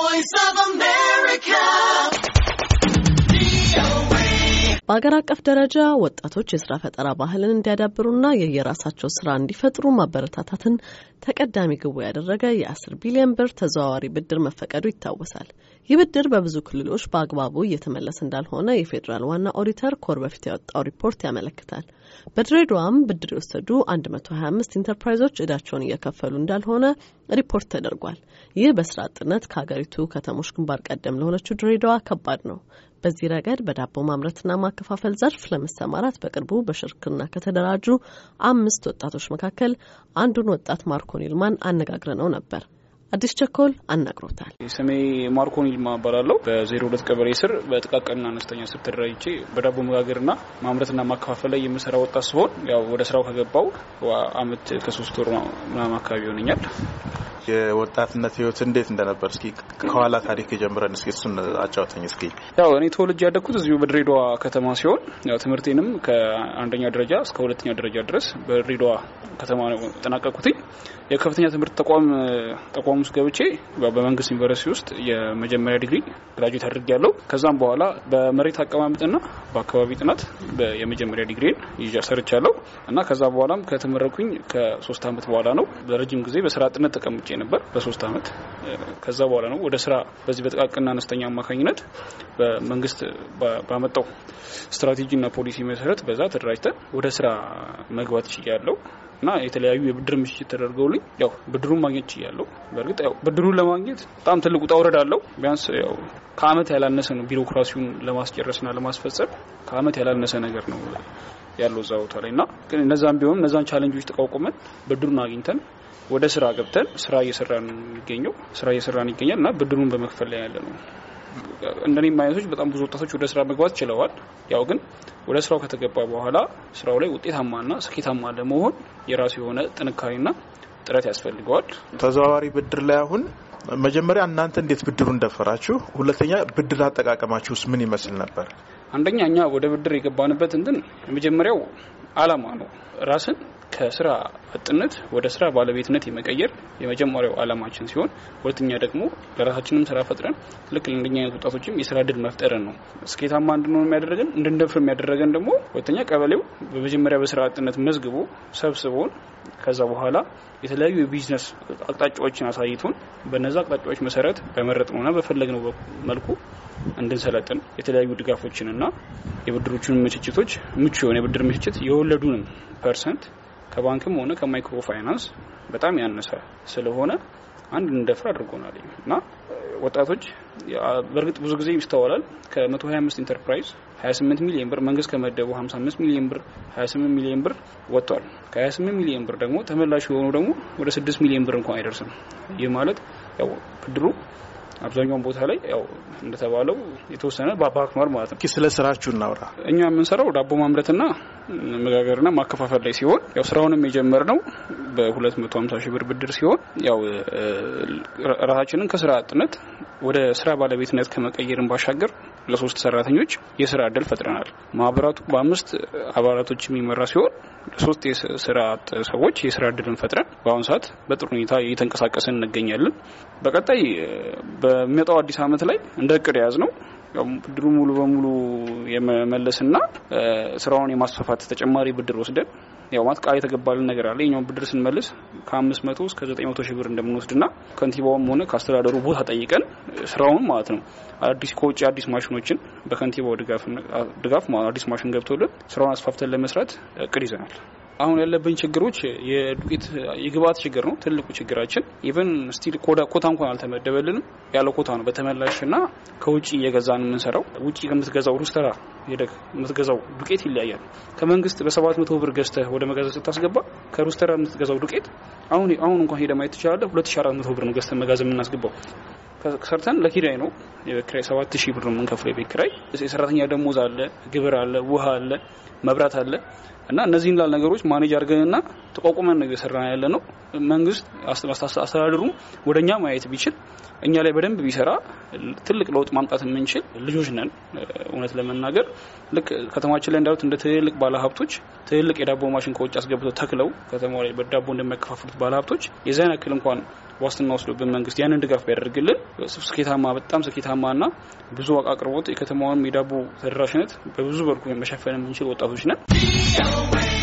voice of America. በሀገር አቀፍ ደረጃ ወጣቶች የስራ ፈጠራ ባህልን እንዲያዳብሩና የየራሳቸው ስራ እንዲፈጥሩ ማበረታታትን ተቀዳሚ ግቡ ያደረገ የ10 ቢሊዮን ብር ተዘዋዋሪ ብድር መፈቀዱ ይታወሳል። ይህ ብድር በብዙ ክልሎች በአግባቡ እየተመለሰ እንዳልሆነ የፌዴራል ዋና ኦዲተር ኮር በፊት ያወጣው ሪፖርት ያመለክታል። በድሬዳዋም ብድር የወሰዱ 125 ኢንተርፕራይዞች እዳቸውን እየከፈሉ እንዳልሆነ ሪፖርት ተደርጓል። ይህ በስራ አጥነት ከሀገሪቱ ከተሞች ግንባር ቀደም ለሆነችው ድሬዳዋ ከባድ ነው። በዚህ ረገድ በዳቦ ማምረትና ማከፋፈል ዘርፍ ለመሰማራት በቅርቡ በሽርክና ከተደራጁ አምስት ወጣቶች መካከል አንዱን ወጣት ማርኮን ይልማን አነጋግረነው ነበር። አዲስ ቸኮል አናግሮታል። ስሜ ማርኮን ይልማ እባላለሁ። በዜሮ ሁለት ቀበሌ ስር በጥቃቅንና አነስተኛ ስር ተደራጅቼ በዳቦ መጋገርና ማምረትና ማከፋፈል ላይ የምሰራ ወጣት ሲሆን ያው ወደ ስራው ከገባው አመት ከሶስት ወር ምናምን አካባቢ ይሆነኛል። የወጣትነት ህይወት እንዴት እንደነበር እስኪ ከኋላ ታሪክ የጀምረን እስኪ እሱን አጫውተኝ እስኪ። ያው እኔ ተወልጄ ያደግኩት እዚሁ በድሬዳዋ ከተማ ሲሆን ያው ትምህርቴንም ከአንደኛ ደረጃ እስከ ሁለተኛ ደረጃ ድረስ በድሬዳዋ ከተማ ነው ጠናቀቅኩትኝ። የከፍተኛ ትምህርት ተቋም ተቋም ውስጥ ገብቼ በመንግስት ዩኒቨርሲቲ ውስጥ የመጀመሪያ ዲግሪ ግራጁዌት አድርጌያለሁ። ከዛም በኋላ በመሬት አቀማመጥና በአካባቢ ጥናት የመጀመሪያ ዲግሪን ይዤ ሰርቻለሁ እና ከዛ በኋላም ከተመረኩኝ ከሶስት አመት በኋላ ነው በረጅም ጊዜ በስራ ጥነት ተቀምጬ ነበር በሶስት አመት ከዛ በኋላ ነው ወደ ስራ በዚህ በጥቃቅና አነስተኛ አማካኝነት በመንግስት ባመጣው ስትራቴጂና ፖሊሲ መሰረት በዛ ተደራጅተን ወደ ስራ መግባት ችያለው እና የተለያዩ የብድር ምሽት ተደርገውልኝ ያው ብድሩን ማግኘት ችያለው። በእርግጥ ያው ብድሩን ለማግኘት በጣም ትልቅ ውጣ ውረድ አለው። ቢያንስ ያው ከአመት ያላነሰ ነው ቢሮክራሲውን ለማስጨረስና ለማስፈጸም ከአመት ያላነሰ ነገር ነው ያለው እዛ ቦታ ላይ እና እነዛም ቢሆንም እነዛን ቻለንጆች ተቋቁመን ብድሩን አግኝተን ወደ ስራ ገብተን ስራ እየሰራን የሚገኘው ስራ እየሰራን ይገኛል እና ብድሩን በመክፈል ላይ ያለ ነው። እንደኔም አይነቶች በጣም ብዙ ወጣቶች ወደ ስራ መግባት ችለዋል። ያው ግን ወደ ስራው ከተገባ በኋላ ስራው ላይ ውጤታማና ስኬታማ ለመሆን የራሱ የሆነ ጥንካሬና ጥረት ያስፈልገዋል። ተዘዋዋሪ ብድር ላይ አሁን መጀመሪያ እናንተ እንዴት ብድሩን እንደፈራችሁ፣ ሁለተኛ ብድር አጠቃቀማችሁስ ምን ይመስል ነበር? አንደኛ እኛ ወደ ብድር የገባንበት እንትን የመጀመሪያው አላማ ነው። ራስን ከስራ አጥነት ወደ ስራ ባለቤትነት የመቀየር የመጀመሪያው አላማችን ሲሆን ሁለተኛ ደግሞ ለራሳችንም ስራ ፈጥረን ልክ ለእንደኛ አይነት ወጣቶችም የስራ እድል መፍጠርን ነው። ስኬታማ እንድንሆን የሚያደረገን እንድንደፍር የሚያደረገን ደግሞ ሁለተኛ ቀበሌው በመጀመሪያ በስራ አጥነት መዝግቦ ሰብስቦን ከዛ በኋላ የተለያዩ የቢዝነስ አቅጣጫዎችን አሳይቶን በነዛ አቅጣጫዎች መሰረት በመረጥነውና በፈለግነው መልኩ እንድንሰለጥን የተለያዩ ድጋፎችንና የብድሮቹን ምችችቶች ምቹ የሆነ የብድር ምችችት የወለዱንም ፐርሰንት ከባንክም ሆነ ከማይክሮ ፋይናንስ በጣም ያነሰ ስለሆነ አንድ እንደፍር አድርጎናል እና ወጣቶች በእርግጥ ብዙ ጊዜ ይስተዋላል። ከ125 ኢንተርፕራይዝ 28 ሚሊዮን ብር መንግስት ከመደቡ 55 ሚሊዮን ብር 28 ሚሊዮን ብር ወጥቷል። ከ28 ሚሊዮን ብር ደግሞ ተመላሽ የሆኑ ደግሞ ወደ 6 ሚሊዮን ብር እንኳን አይደርስም። ይህ ማለት ያው ብድሩ አብዛኛውን ቦታ ላይ ያው እንደተባለው የተወሰነ በአፓክመር ማለት ነው። ስለ ስራችሁ እናውራ። እኛ የምንሰራው ዳቦ ማምረትና መጋገርና ማከፋፈል ላይ ሲሆን ያው ስራውንም የጀመርነው በ250 ሺህ ብር ብድር ሲሆን ያው ራሳችንን ከስራ አጥነት ወደ ስራ ባለቤትነት ከመቀየርን ባሻገር ለሶስት ሰራተኞች የስራ እድል ፈጥረናል። ማህበራቱ በአምስት አባላቶች የሚመራ ሲሆን ለሶስት የስራ አጥ ሰዎች የስራ እድልን ፈጥረን በአሁኑ ሰዓት በጥሩ ሁኔታ እየተንቀሳቀስን እንገኛለን። በቀጣይ በሚመጣው አዲስ ዓመት ላይ እንደ እቅድ የያዝ ነው ብድሩ ሙሉ በሙሉ የመመለስና ስራውን የማስፋፋት ተጨማሪ ብድር ወስደን ያው ማለት ቃል የተገባልን ነገር አለ። የኛውን ብድር ስንመልስ ከአምስት መቶ እስከ ዘጠኝ መቶ ሺህ ብር እንደምንወስድና ከንቲባውም ሆነ ከአስተዳደሩ ቦታ ጠይቀን ስራውን ማለት ነው አዲስ ከውጭ አዲስ ማሽኖችን በከንቲባው ድጋፍ አዲስ ማሽን ገብቶልን ስራውን አስፋፍተን ለመስራት እቅድ ይዘናል። አሁን ያለብን ችግሮች የዱቄት የግብአት ችግር ነው ትልቁ ችግራችን። ኢቨን ስቲል ኮዳ ኮታ እንኳን አልተመደበልንም። ያለ ኮታ ነው በተመላሽ እና ከውጭ እየገዛን የምንሰራው። ውጭ ከምትገዛው ሩስተራ ሄደህ የምትገዛው ዱቄት ይለያያል። ከመንግስት በሰባት መቶ ብር ገዝተህ ወደ መጋዘን ስታስገባ ከሩስተራ የምትገዛው ዱቄት አሁን አሁን እንኳን ሄደ ማየት ትችላለህ። ሁለት ሺ አራት መቶ ብር ነው ገዝተህ መጋዘን የምናስገባው። ሰርተን ለኪራይ ነው የቤት ኪራይ ሰባት ሺህ ብር የምንከፍለ የቤት ኪራይ፣ የሰራተኛ ደሞዝ አለ፣ ግብር አለ፣ ውሃ አለ፣ መብራት አለ እና እነዚህን ላል ነገሮች ማኔጅ አድርገንና ተቋቁመን ነው እየሰራ ያለ ነው። መንግስት አስተዳደሩ ወደ እኛ ማየት ቢችል እኛ ላይ በደንብ ቢሰራ ትልቅ ለውጥ ማምጣት የምንችል ልጆች ነን። እውነት ለመናገር ልክ ከተማችን ላይ እንዳሉት እንደ ትልቅ ባለሀብቶች ትልቅ የዳቦ ማሽን ከውጭ አስገብተው ተክለው ከተማ ላይ በዳቦ እንደሚያከፋፍሉት ባለሀብቶች የዚያን ያክል እንኳን ዋስትና ወስዶብን መንግስት ያንን ድጋፍ ቢያደርግልን ስኬታማ በጣም ስኬታማ ና ብዙ አቅርቦት የከተማዋን የዳቦ ተደራሽነት በብዙ በልኩ መሸፈን የምንችል ወጣቶች ነን።